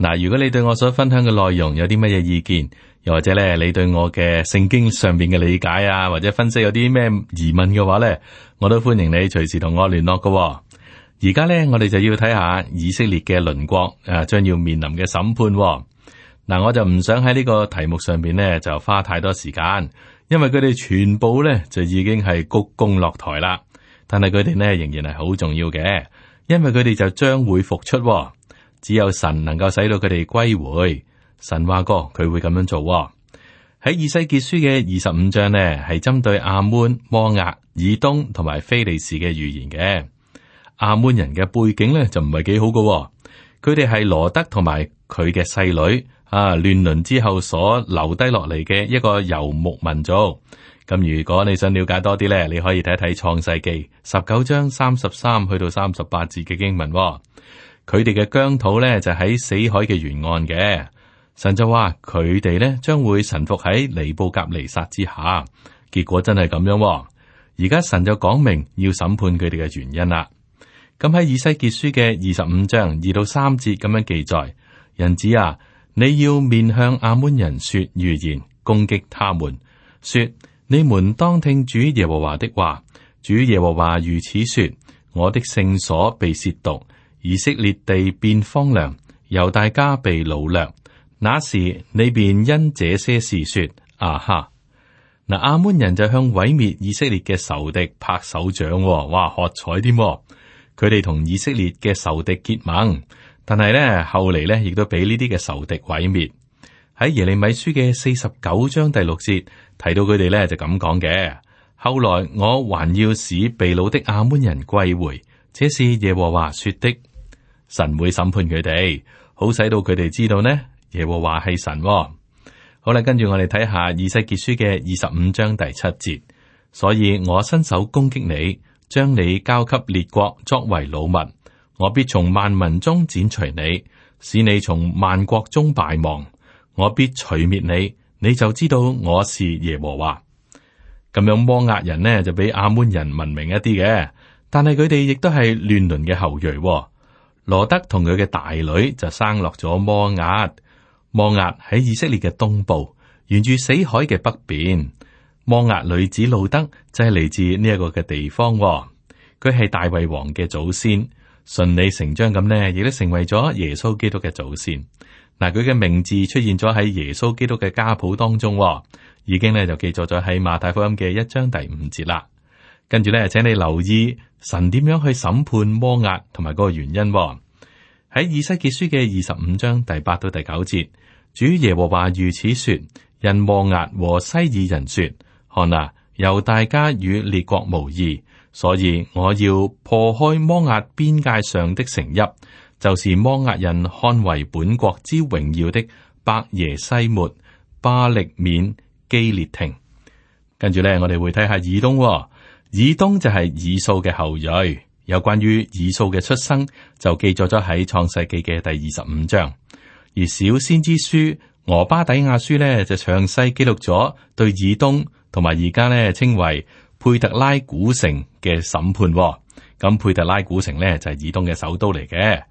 嗱,如果你對我所分享嘅內容有啲乜嘢意見,又或者咧你對我嘅聖經上邊嘅理解啊,或者分析有啲咩疑問嘅話咧,我都歡迎你隨時同我聯絡噶喎。而家咧,我哋就要睇下以色列嘅鄰國啊,將、啊、要面臨嘅審判喎。嗱、啊,我就唔想喺呢個題目上邊咧就花太多時間,因為佢哋全部咧就已經係鞠躬落台啦。但係佢哋咧仍然係好重要嘅,因為佢哋就將會復出喎。只有神能夠使到佢哋歸回。神話過佢會咁樣做喎、哦。喺《以世結書》嘅二十五章呢，係針對亞門、摩押、以東同埋菲利士嘅預言嘅。亞門人嘅背景呢，就唔係幾好噶、哦。佢哋係羅德同埋佢嘅細女啊，亂倫之後所留低落嚟嘅一個游牧民族。咁如果你想了解多啲呢，你可以睇一睇《創世紀》十九章三十三去到三十八字嘅經文、哦。佢哋嘅疆土呢，就喺死海嘅沿岸嘅神就話佢哋呢將會臣服喺尼布甲尼撒之下。結果真係咁樣。而家神就講明要審判佢哋嘅原因啦。咁喺以西結書嘅二十五章二到三節咁樣記載：人子啊，你要面向亞捫人說預言，攻擊他們，說你們當聽主耶和華的話。主耶和華如此說：我的聖所被褻瀆。以色列地變荒涼，猶大家被擄掠。那時你便因這些事說：啊哈！嗱，亞捫人就向毀滅以色列嘅仇敵拍手掌，哇喝彩添！佢哋同以色列嘅仇敵結盟，但係咧後嚟咧亦都俾呢啲嘅仇敵毀滅。喺耶利米書嘅四十九章第六節提到佢哋咧就咁講嘅：，後來我還要使被擄的亞捫人歸回，這是耶和華說的。神會審判佢哋，好使到佢哋知道呢耶和華係神、哦。好啦，跟住我哋睇下《以西結書》嘅二十五章第七節。所以我伸手攻擊你，將你交給列國作為奴民。我必從萬民中剪除你，使你從萬國中敗亡。我必除滅你，你就知道我是耶和華。咁樣摩押人呢就比亞捫人文明一啲嘅，但係佢哋亦都係亂倫嘅後裔。羅德同佢嘅大女就生落咗摩押，摩押喺以色列嘅東部，沿住死海嘅北邊。摩押女子路德就係嚟自呢一個嘅地方、哦，佢係大衛王嘅祖先，順理成章咁呢，亦都成為咗耶穌基督嘅祖先。嗱，佢嘅名字出現咗喺耶穌基督嘅家譜當中、哦，已經呢就記載咗喺馬太福音嘅一章第五節啦。跟住咧，請你留意。神點樣去審判摩押同埋嗰個原因？喺以西結書嘅二十五章第八到第九節，主耶和華如此說：因摩押和西珥人說，看啊，猶大家與列國無異，所以我要破開摩押邊界上的城邑，就是摩押人看為本國之榮耀的伯耶西末、巴力免、基列亭。跟住咧，我哋會睇下以東、哦。以東就係以掃嘅後裔，有關於以掃嘅出生就記載咗喺創世紀嘅第二十五章。而小先知書俄巴底亞書呢，就詳細記錄咗對以東同埋而家咧稱為佩特拉古城嘅審判。咁佩特拉古城呢，就係以東嘅首都嚟嘅。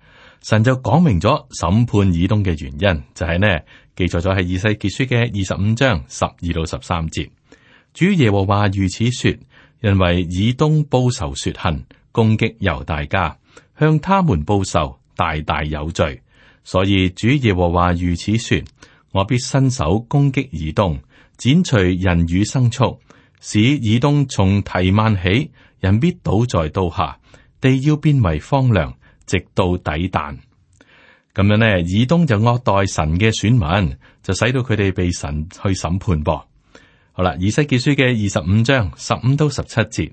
神就講明咗審判以東嘅原因，就係、是、呢記載咗喺以西結書嘅二十五章十二到十三節。主耶和華如此說。因為以東報仇雪恨，攻擊猶大家，向他們報仇，大大有罪。所以主耶和華如此說：我必伸手攻擊以東，剪除人與牲畜，使以東從提幔起，人必倒在刀下，地要變為荒涼，直到底但。咁樣呢，以東就惡待神嘅選民，就使到佢哋被神去審判噃。好啦，以西結書嘅二十五章十五到十七節，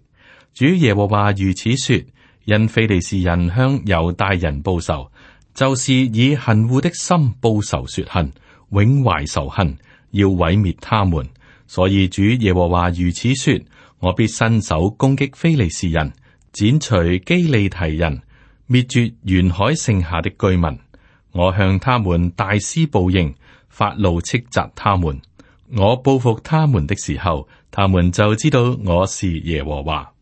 主耶和華如此說：因腓利士人向猶大人報仇，就是以恨惡的心報仇，說恨，永懷仇恨，要毀滅他們。所以主耶和華如此說：我必伸手攻擊腓利士人，剪除基利提人，滅絕沿海剩下的居民。我向他們大施報應，發怒斥責他們。我報復他們的時候，他們就知道我是耶和華。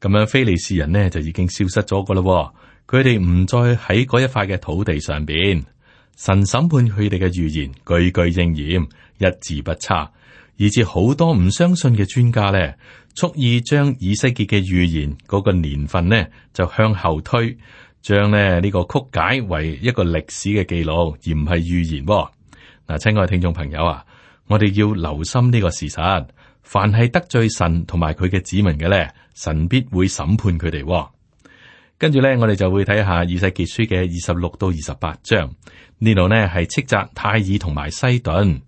咁樣，非利士人呢就已經消失咗㗎喇。佢哋唔再喺嗰一塊嘅土地上邊。神審判佢哋嘅預言，句句應驗，一字不差。以至好多唔相信嘅專家呢，蓄意將以西結嘅預言嗰個年份呢就向後推，將呢呢、這個曲解為一個歷史嘅記錄，而唔係預言。嗱、啊，親愛聽眾朋友啊。我哋要留心呢個事實，凡係得罪神同埋佢嘅子民嘅咧，神必會審判佢哋，哦。跟住咧，我哋就會睇下《以西結書》嘅二十六到二十八章，呢度咧係斥責太爾同埋西頓。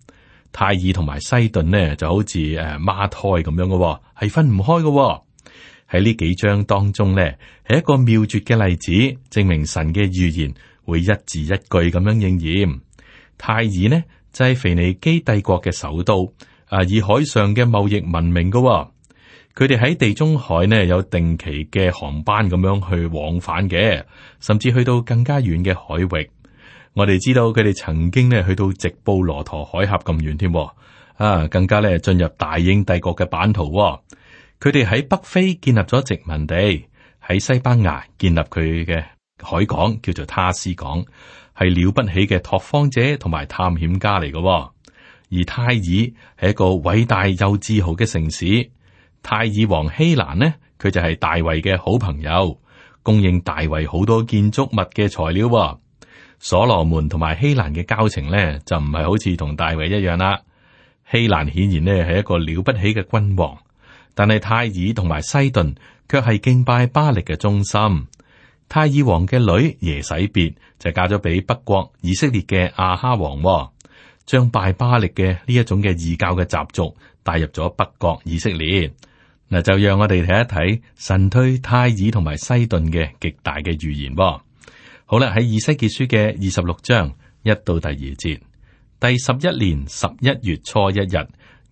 太爾同埋西頓咧，就好似誒孖胎咁樣嘅，哦，係分唔開嘅，哦。喺呢幾章當中咧，係一個妙絕嘅例子，證明神嘅預言會一字一句咁樣應驗。太爾呢，就係腓尼基帝國嘅首都，啊，以海上嘅貿易聞名噶。佢哋喺地中海呢有定期嘅航班咁樣去往返嘅，甚至去到更加遠嘅海域。我哋知道佢哋曾經呢去到直布羅陀海峽咁遠添，啊，更加呢進入大英帝國嘅版圖，哦。佢哋喺北非建立咗殖民地，喺西班牙建立佢嘅海港，叫做他斯港。係了不起嘅拓荒者同埋探險家嚟嘅、哦，而泰爾係一個偉大又自豪嘅城市。泰爾王希蘭呢，佢就係大衛嘅好朋友，供應大衛好多建築物嘅材料、哦。所羅門同埋希蘭嘅交情呢，就唔係好似同大衛一樣啦。希蘭顯然呢係一個了不起嘅君王，但係泰爾同埋西頓卻係敬拜巴力嘅中心。太爾王嘅女耶洗別就嫁咗俾北國以色列嘅亞哈王、哦，將拜巴力嘅呢一種嘅異教嘅習俗帶入咗北國以色列。嗱，就讓我哋睇一睇神推太爾同埋西頓嘅極大嘅預言、哦。好啦，喺《以西結書》嘅二十六章一到第二節，第十一年十一月初一日，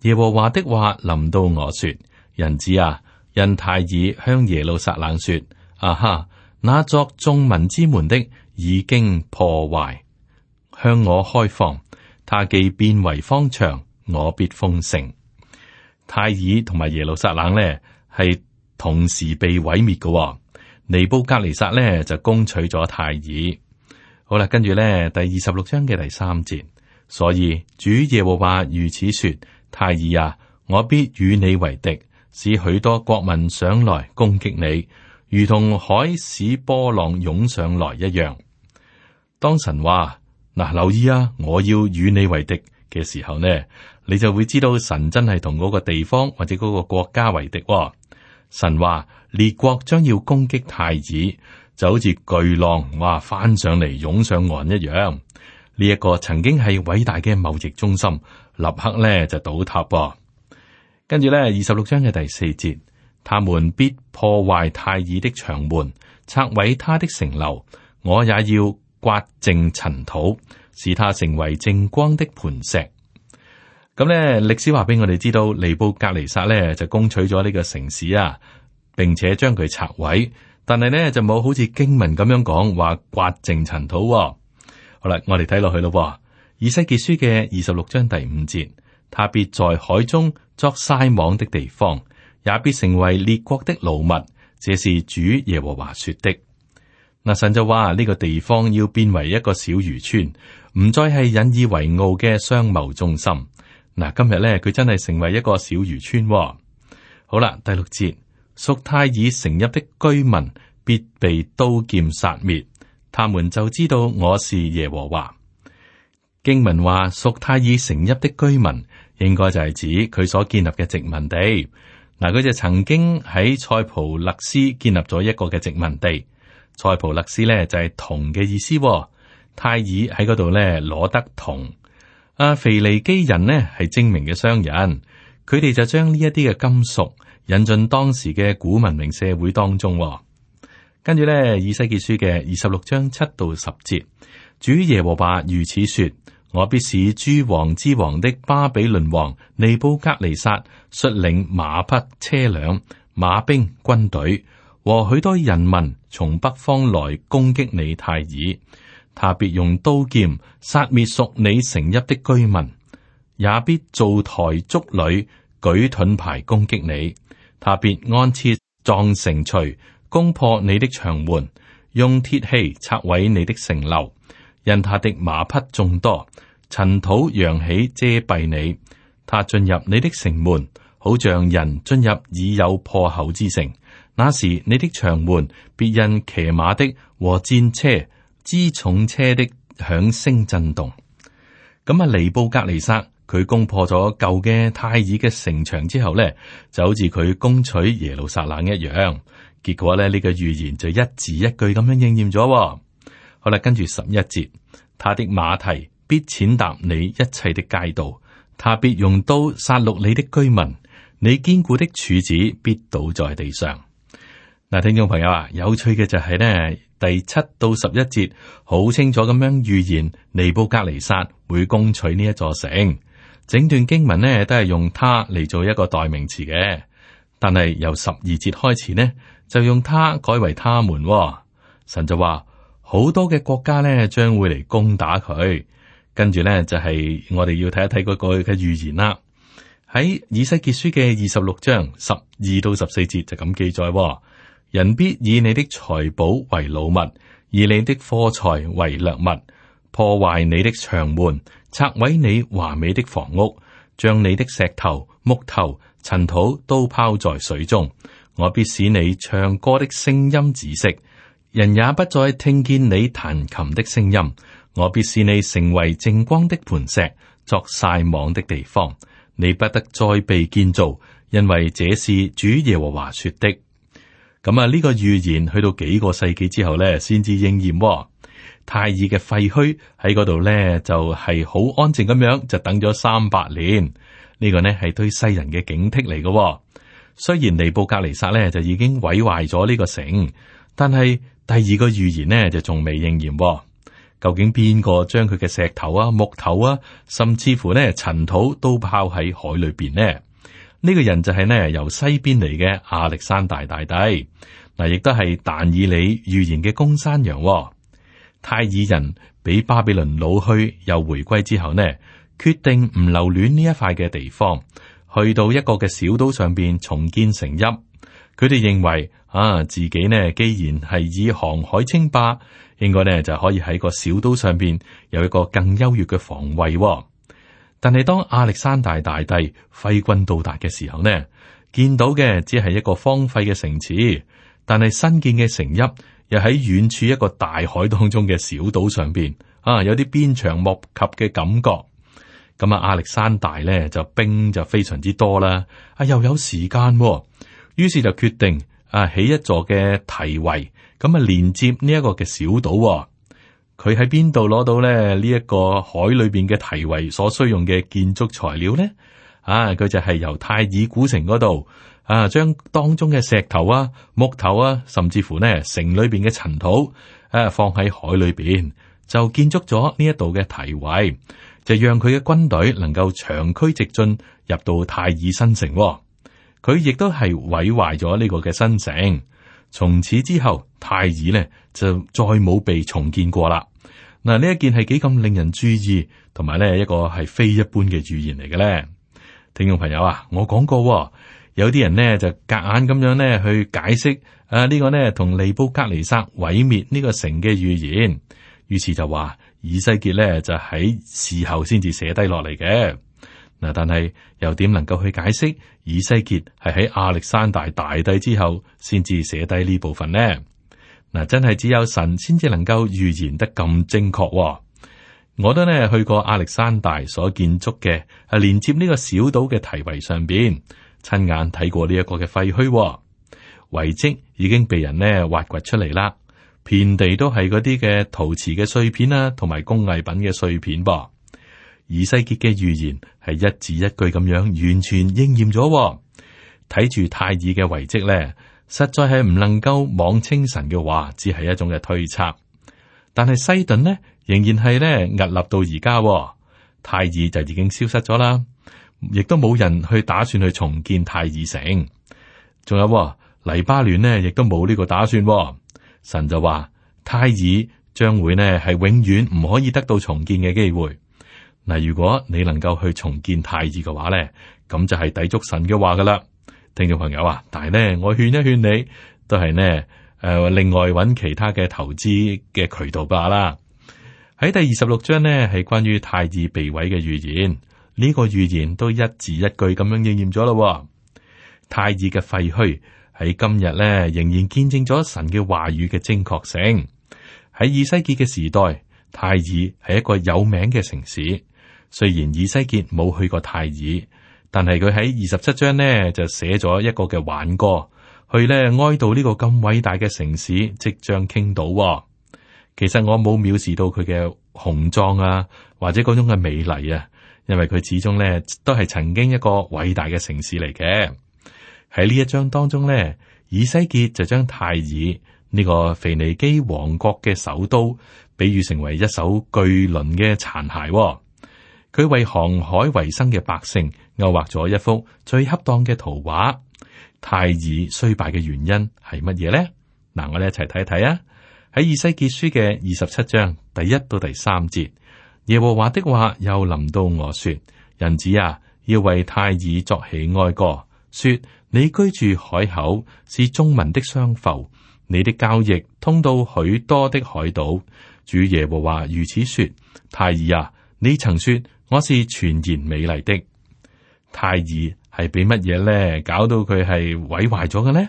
耶和華的話臨到我說：人子啊，因太爾向耶路撒冷說：啊哈。那作眾民之門的已經破壞，向我開放。他既變為方場，我必奉承。泰爾同埋耶路撒冷呢，係同時被毀滅嘅。尼布格尼撒呢，就攻取咗泰爾。好啦，跟住咧第二十六章嘅第三節，所以主耶和華如此說：泰爾啊，我必與你為敵，使許多國民上來攻擊你。如同海市波浪湧上來一樣。當神話，嗱，留意啊，我要與你為敵嘅時候呢，你就會知道神真係同嗰個地方或者嗰個國家為敵哦。神話列國將要攻擊太子，就好似巨浪哇，翻上嚟湧上岸一樣。呢、這一個曾經係偉大嘅貿易中心，立刻咧就是倒塌哦。跟住咧二十六章嘅第四節。他們必破壞泰爾的牆門，拆毀他的城樓。我也要刮淨塵土，使他成為淨光的磐石。咁呢歷史話俾我哋知道，尼布格尼撒呢就攻取咗呢個城市啊，並且將佢拆毀。但係呢，就冇好似經文咁樣講話刮淨塵土、哦。好啦，我哋睇落去咯。以西結書嘅二十六章第五節，他必在海中作曬網的地方。也必成為列國的擄物，這是主耶和華說的。那神就話呢個地方要變為一個小漁村，唔再係引以為傲嘅商貿中心。嗱，今日咧佢真係成為一個小漁村，哦。好啦，第六節，屬泰爾城邑的居民必被刀劍殺滅，他們就知道我是耶和華。經文話屬泰爾城邑的居民，應該就係指佢所建立嘅殖民地。嗱，佢就曾經喺塞浦勒斯建立咗一個嘅殖民地。塞浦勒斯咧就係銅嘅意思，泰爾喺嗰度咧攞得銅。阿腓尼基人呢，係精明嘅商人，佢哋就將呢一啲嘅金屬引進當時嘅古文明社會當中。跟住咧，以西結書嘅二十六章七到十節，主耶和華如此說。我必使諸王之王的巴比倫王尼布甲尼撒率領馬匹、車輛、馬兵軍、軍隊和許多人民從北方來攻擊你太爾，他必用刀劍殺滅屬你城邑的居民，也必造台築壘、舉盾牌攻擊你，他必安設撞城錘，攻破你的長門，用鐵器拆毀你的城樓。因他的馬匹眾多，塵土揚起遮蔽你，他進入你的城門，好像人進入已有破口之城。那時你的牆門必因騎馬的和戰車、輜重車的響聲震動。咁啊，尼布甲尼撒佢攻破咗舊嘅泰爾嘅城牆之後呢，就好似佢攻取耶路撒冷一樣。結果呢，呢個預言就一字一句咁樣應驗咗。好啦，跟住十一節，他的馬蹄必踐踏你一切的街道，他必用刀殺戮你的居民，你堅固的柱子必倒在地上。嗱，聽眾朋友啊，有趣嘅就係呢，第七到十一節好清楚咁樣預言尼布格尼沙會攻取呢一座城。整段經文呢，都係用他嚟做一個代名詞嘅，但係由十二節開始呢，就用他改為他們。神就話。好多嘅國家呢，將會嚟攻打佢，跟住呢，就係我哋要睇一睇嗰句嘅預言啦。喺以西結書嘅二十六章十二到十四節就咁記載：，人必以你的財寶為擄物，以你的貨財為掠物，破壞你的牆門，拆毀你華美的房屋，將你的石頭、木頭、塵土都拋在水中。我必使你唱歌的聲音止息。人也不再聽見你彈琴的聲音，我必使你成為淨光的磐石，作曬網的地方，你不得再被建造，因為這是主耶和華說的。咁啊，呢、這個預言去到幾個世紀之後呢，先至應驗、哦。太爾嘅廢墟喺嗰度呢，就係、是、好安靜咁樣，就等咗三百年。呢、這個呢係對世人嘅警惕嚟嘅、哦。雖然尼布甲尼撒呢，就已經毀壞咗呢個城，但係。第二個預言呢就仲未應驗、哦，究竟邊個將佢嘅石頭啊、木頭啊，甚至乎呢塵土都拋喺海裏邊呢？呢、這個人就係呢由西邊嚟嘅亞歷山大大帝，嗱亦都係但以理預言嘅公山羊、哦。泰爾人俾巴比倫擄去又回歸之後呢，決定唔留戀呢一塊嘅地方，去到一個嘅小島上邊重建城邑。佢哋認為啊，自己呢，既然係以航海稱霸，應該呢就可以喺個小島上邊有一個更優越嘅防衛、哦。但係當亞歷山大大帝揮軍到達嘅時候呢，見到嘅只係一個荒廢嘅城池，但係新建嘅城邑又喺遠處一個大海當中嘅小島上邊啊，有啲鞭長莫及嘅感覺。咁啊，亞歷山大呢就兵就非常之多啦，啊又有時間、哦。於是就決定啊起一座嘅堤圍，咁啊連接啊呢一個嘅小島。佢喺邊度攞到咧？呢一個海裏邊嘅堤圍所需要用嘅建築材料呢？啊，佢就係由泰爾古城嗰度啊，將當中嘅石頭啊、木頭啊，甚至乎呢城裏邊嘅塵土誒、啊啊，放喺海裏邊，就建築咗呢一度嘅堤圍，就讓佢嘅軍隊能夠長驅直進入到泰爾新城、啊。佢亦都係毀壞咗呢個嘅新城，從此之後，泰爾呢就再冇被重建過啦。嗱，呢一件係幾咁令人注意，同埋呢一個係非一般嘅預言嚟嘅咧。聽眾朋友啊，我講過、哦，有啲人呢就夾硬咁樣呢去解釋，啊呢、這個呢同尼布甲尼撒毀滅呢個城嘅預言，於是就話以西結呢就喺事後先至寫低落嚟嘅。嗱，但係又點能夠去解釋以西結係喺亞歷山大大帝之後先至寫低呢部分呢？嗱，真係只有神先至能夠預言得咁精確。我都呢去過亞歷山大所建築嘅，係連接呢個小島嘅堤圍上邊，親眼睇過呢一個嘅廢墟，哦，遺跡已經被人呢挖掘出嚟啦，遍地都係嗰啲嘅陶瓷嘅碎片啦，同埋工藝品嘅碎片噃。以西結嘅預言係一字一句咁樣，完全應驗咗。睇住太爾嘅遺跡咧，實在係唔能夠妄稱神嘅話，只係一種嘅推測。但係西頓呢，仍然係咧屹立到而家。太爾就已經消失咗啦，亦都冇人去打算去重建太爾城。仲有黎巴嫩呢，亦都冇呢個打算。神就話太爾將會呢，係永遠唔可以得到重建嘅機會。嗱，如果你能夠去重建泰爾嘅話咧，咁就係抵觸神嘅話噶啦，聽眾朋友啊，但係咧，我勸一勸你，都係呢，誒、呃，另外揾其他嘅投資嘅渠道罷啦。喺第二十六章呢，係關於泰爾被毀嘅預言，呢、這個預言都一字一句咁樣應驗咗啦。泰爾嘅廢墟喺今日咧，仍然見證咗神嘅話語嘅精確性。喺以西結嘅時代，泰爾係一個有名嘅城市。雖然以西結冇去過泰爾，但係佢喺二十七章呢就寫咗一個嘅輓歌，去呢哀悼呢個咁偉大嘅城市即將傾倒。其實我冇藐視到佢嘅雄壯啊，或者嗰種嘅美麗啊，因為佢始終呢都係曾經一個偉大嘅城市嚟嘅。喺呢一章當中呢，以西結就將泰爾呢個腓尼基王國嘅首都比喻成為一艘巨輪嘅殘骸哦。佢為航海為生嘅百姓勾畫咗一幅最恰當嘅圖畫。泰爾衰敗嘅原因係乜嘢呢？嗱，我哋一齊睇睇啊。喺以西結書嘅二十七章第一到第三節，耶和華的話又臨到我說：人子啊，要為泰爾作起哀歌，說你居住海口，是眾民的商埠，你的交易通到許多的海島。主耶和華如此說：泰爾啊，你曾說。我是全然美麗的，泰爾係俾乜嘢咧？搞到佢係毀壞咗嘅咧？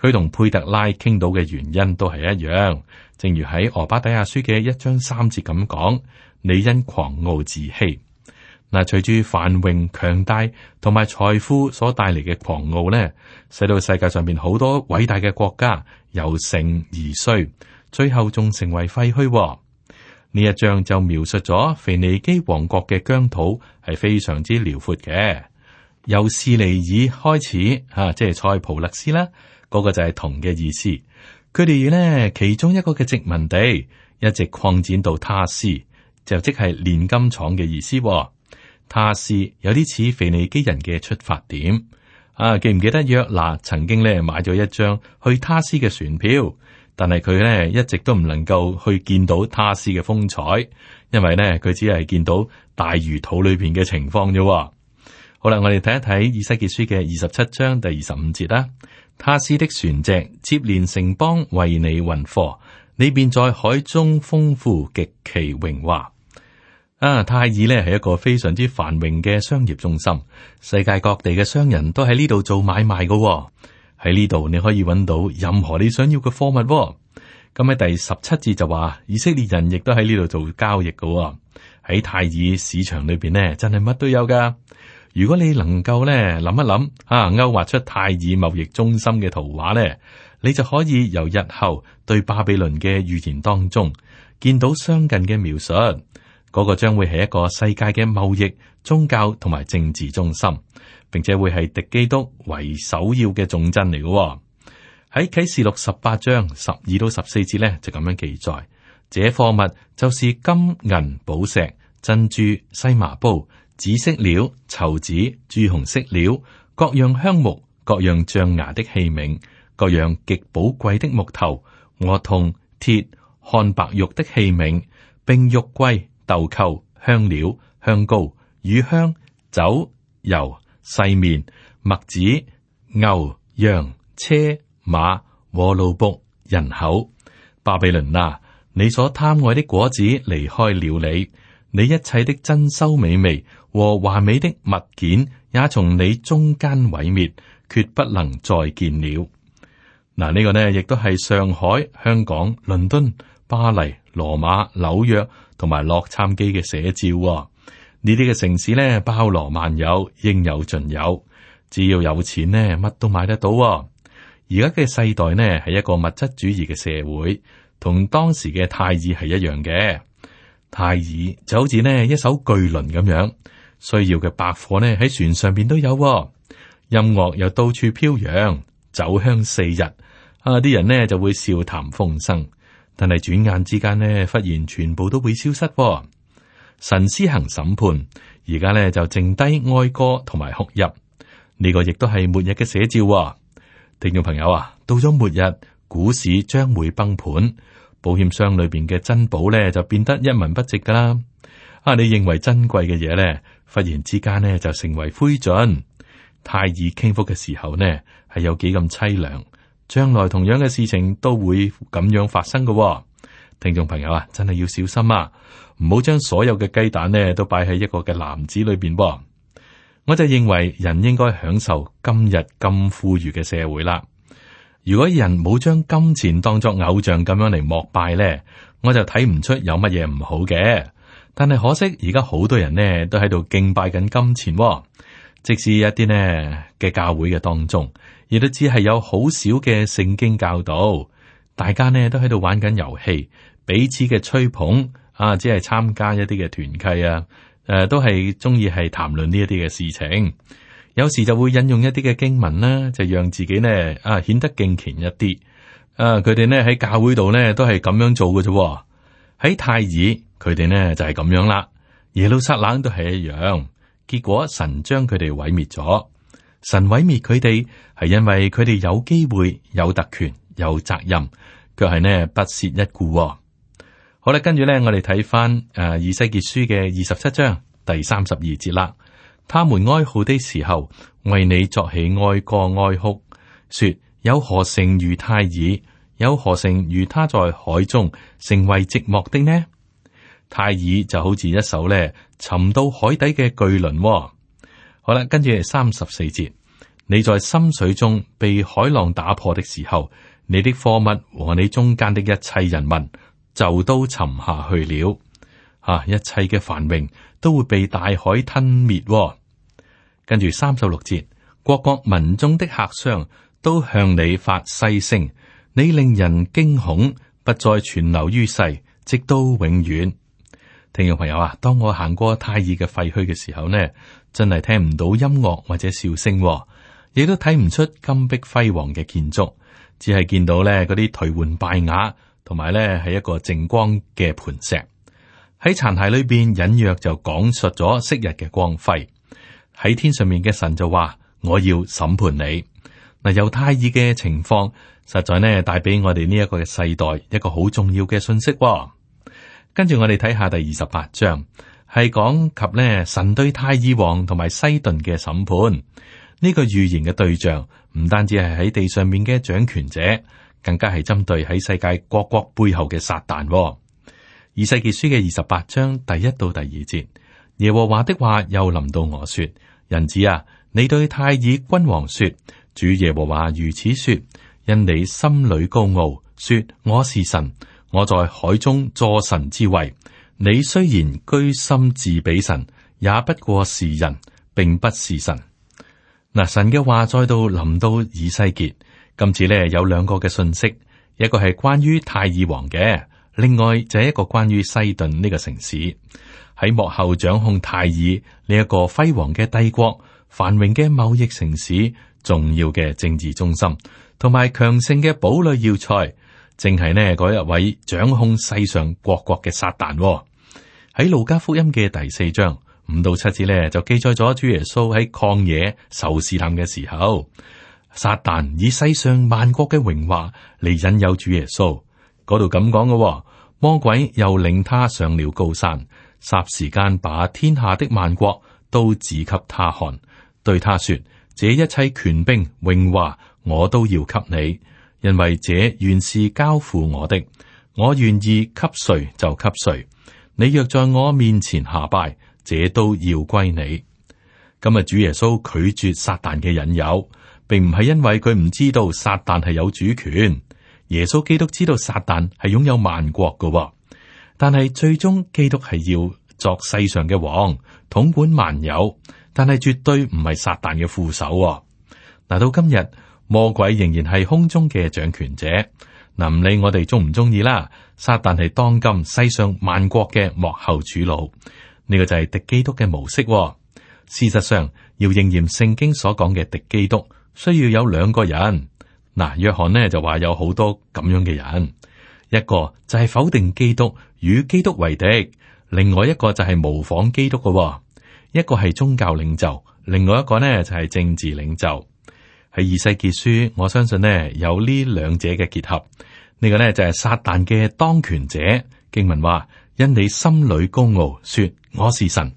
佢同佩特拉傾到嘅原因都係一樣，正如喺《俄巴底亞書》嘅一章三節咁講：你因狂傲自欺，嗱，隨住繁榮強大同埋財富所帶嚟嘅狂傲咧，使到世界上邊好多偉大嘅國家由盛而衰，最後仲成為廢墟。呢一章就描述咗腓尼基王國嘅疆土係非常之遼闊嘅，由士尼爾開始，吓、啊、即係塞浦勒斯啦，嗰、那個就係「同」嘅意思。佢哋呢，其中一個嘅殖民地，一直擴展到他斯，就即係煉金廠嘅意思。他斯有啲似腓尼基人嘅出發點。啊，記唔記得約拿曾經咧買咗一張去他斯嘅船票？但係佢咧一直都唔能夠去見到他施嘅風采，因為呢，佢只係見到大魚肚裏面嘅情況啫。好啦，我哋睇一睇以西結書嘅二十七章第二十五節啦。他施的船隻接連成幫為你運貨，你便在海中豐富極其榮華。啊，泰爾呢係一個非常之繁榮嘅商業中心，世界各地嘅商人都喺呢度做買賣噶。喺呢度你可以揾到任何你想要嘅貨物、哦。咁喺第十七節就話，以色列人亦都喺呢度做交易嘅、哦。喺泰爾市場裏邊呢，真係乜都有噶。如果你能夠咧諗一諗，啊勾畫出泰爾貿易中心嘅圖畫咧，你就可以由日後對巴比倫嘅預言當中見到相近嘅描述。嗰、那個將會係一個世界嘅貿易、宗教同埋政治中心。並且會係敵基督為首要嘅重鎮嚟嘅。喺啟示錄十八章十二到十四節呢，就咁樣記載。這貨物就是金銀、寶石、珍珠、西麻布、紫色料、綢子、朱紅色料、各樣香木、各樣象牙的器皿、各樣極寶貴的木頭、和銅、鐵、鐵、漢白玉的器皿，並肉桂、豆蔻、香料、香膏、乳香、酒、油。細麵、麥子、牛、羊、車、馬和奴僕人口，巴比倫啊！你所貪愛的果子離開了你，你一切的珍饈美味和華美的物件也從你中間毀滅，決不能再見了。嗱、啊，呢、這個呢亦都係上海、香港、倫敦、巴黎、羅馬、紐約同埋洛杉磯嘅寫照，哦。呢啲嘅城市咧，包羅萬有，應有盡有。只要有錢咧，乜都買得到。而家嘅世代咧，係一個物質主義嘅社會，同當時嘅泰爾係一樣嘅。泰爾就好似呢一艘巨輪咁樣，需要嘅百貨咧喺船上邊都有。音樂又到處飄揚，酒香四溢。啊，啲人咧就會笑談風生，但係轉眼之間咧，忽然全部都會消失。神施行審判，而家咧就剩低哀歌同埋哭泣，呢個亦都係末日嘅寫照啊！聽眾朋友啊，到咗末日，股市將會崩盤，保險箱裏邊嘅珍寶咧就變得一文不值噶啦！啊，你認為珍貴嘅嘢，咧忽然之間呢就成為灰燼，太易傾覆嘅時候呢，係有幾咁凄涼，將來同樣嘅事情都會咁樣發生噶。聽眾朋友啊，真係要小心啊，唔好將所有嘅雞蛋呢都擺喺一個嘅籃子裏邊。我就認為人應該享受今日咁富裕嘅社會啦。如果人冇將金錢當作偶像咁樣嚟膜拜咧，我就睇唔出有乜嘢唔好嘅。但係可惜而家好多人呢都喺度敬拜緊金錢，即使一啲呢嘅教會嘅當中，亦都只係有好少嘅聖經教導。大家呢都喺度玩緊遊戲，彼此嘅吹捧啊，只係參加一啲嘅團契啊，誒，都係中意係談論呢一啲嘅事情，有時就會引用一啲嘅經文啦，就、啊、讓自己呢啊顯得敬虔一啲啊。佢哋呢喺教會度呢都係咁樣做嘅啫。喺泰爾，佢哋呢就係、是、咁樣啦。耶路撒冷都係一樣，結果神將佢哋毀滅咗。神毀滅佢哋係因為佢哋有機會，有特權。有責任，却係呢不屑一顧、哦。好啦，跟住呢，我哋睇翻，誒以西結書嘅二十七章第三十二節啦。他們哀號的時候，為你作起哀歌哀哭，說，有何城如泰爾，有何城如他在海中成為寂寞的呢？泰爾就好似一艘呢沉到海底嘅巨輪、哦。好啦，跟住三十四節，你在深水中被海浪打破的時候。你的貨物和你中間的一切人民就都沉下去了。吓、啊，一切嘅繁榮都會被大海吞滅、哦。跟住三十六節，各國民眾的客商都向你發嘶聲，你令人驚恐，不再存留於世，直到永遠。聽眾朋友啊，當我行過泰爾嘅廢墟嘅時候呢，真係聽唔到音樂或者笑聲、哦，亦都睇唔出金碧輝煌嘅建築。只係見到咧嗰啲頹垣敗瓦，同埋咧係一個淨光嘅磐石，喺殘骸裏邊隱約就講述咗昔日嘅光輝。喺天上面嘅神就話：我要審判你。嗱，有泰爾嘅情況，實在呢帶俾我哋呢一個嘅世代一個好重要嘅信息、哦。跟住我哋睇下第二十八章，係講及呢神對泰爾王同埋西頓嘅審判呢、這個預言嘅對象。唔單止係喺地上面嘅掌權者，更加係針對喺世界各國背後嘅撒旦、哦。以西結書嘅二十八章第一到第二節，耶和華的話又臨到我說：人子啊，你對泰爾君王說，主耶和華如此說：因你心裏高傲，說我是神，我在海中坐神之位。你雖然居心自比神，也不過是人，并不是神。嗱，神嘅話再到臨到以西結，今次咧有兩個嘅信息，一個係關於太爾王嘅，另外就係一個關於西頓呢個城市，喺幕後掌控太爾呢一個輝煌嘅帝國、繁榮嘅貿易城市、重要嘅政治中心，同埋強盛嘅堡壘要塞，正係呢嗰一位掌控世上各國嘅撒旦喎、哦。喺路加福音嘅第四章。五到七節呢，就記載咗主耶穌喺曠野受試探嘅時候，撒旦以世上萬國嘅榮華嚟引誘主耶穌嗰度咁講嘅。魔鬼又令他上了高山，霎時間把天下的萬國都指給他看，對他說：這一切權柄榮華我都要給你，因為這原是交付我的，我願意給誰就給誰。你若在我面前下拜，這都要歸你。今日主耶穌拒絕撒旦嘅引誘，並唔係因為佢唔知道撒旦係有主權。耶穌基督知道撒旦係擁有萬國嘅，但係最終基督係要作世上嘅王，統管萬有。但係絕對唔係撒旦嘅副手。嗱，到今日魔鬼仍然係空中嘅掌權者，嗱，唔理我哋中唔中意啦。撒旦係當今世上萬國嘅幕後主腦。呢個就係敵基督嘅模式，哦。事實上，要應驗聖經所講嘅敵基督，需要有兩個人。嗱，約翰呢就話有好多咁樣嘅人，一個就係否定基督與基督為敵，另外一個就係模仿基督嘅，哦。一個係宗教領袖，另外一個呢就係政治領袖。喺以西結書，我相信呢有呢兩者嘅結合。呢，呢個呢就係撒旦嘅當權者。經文話。因你心裏高傲，說我是神。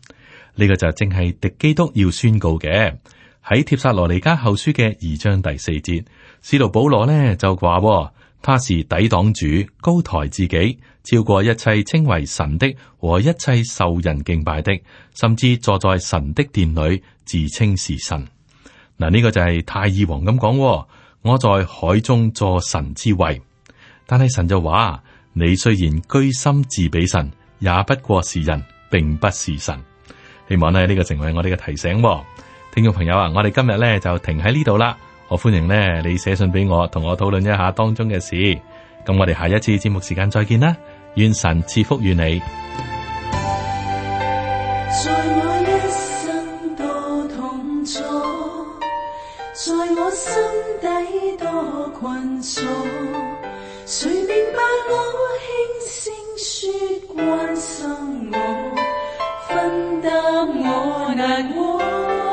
呢個就正係敵基督要宣告嘅。喺帖撒羅尼迦後書嘅二章第四節，使徒保羅呢就話：他是抵擋主，高抬自己，超過一切稱為神的和一切受人敬拜的，甚至坐在神的殿裏自稱是神。嗱，呢個就係泰爾王咁講，我在海中坐神之位，但係神就話。你雖然居心自比神，也不過是人，並不是神。希望呢，呢個成為我哋嘅提醒，聽眾朋友啊，我哋今日呢就停喺呢度啦。我歡迎呢你寫信俾我，同我討論一下當中嘅事。咁我哋下一次節目時間再見啦。願神賜福於你。在我一生多痛楚，在我心底多困楚。誰明白我輕聲說，關心我，分擔我難過。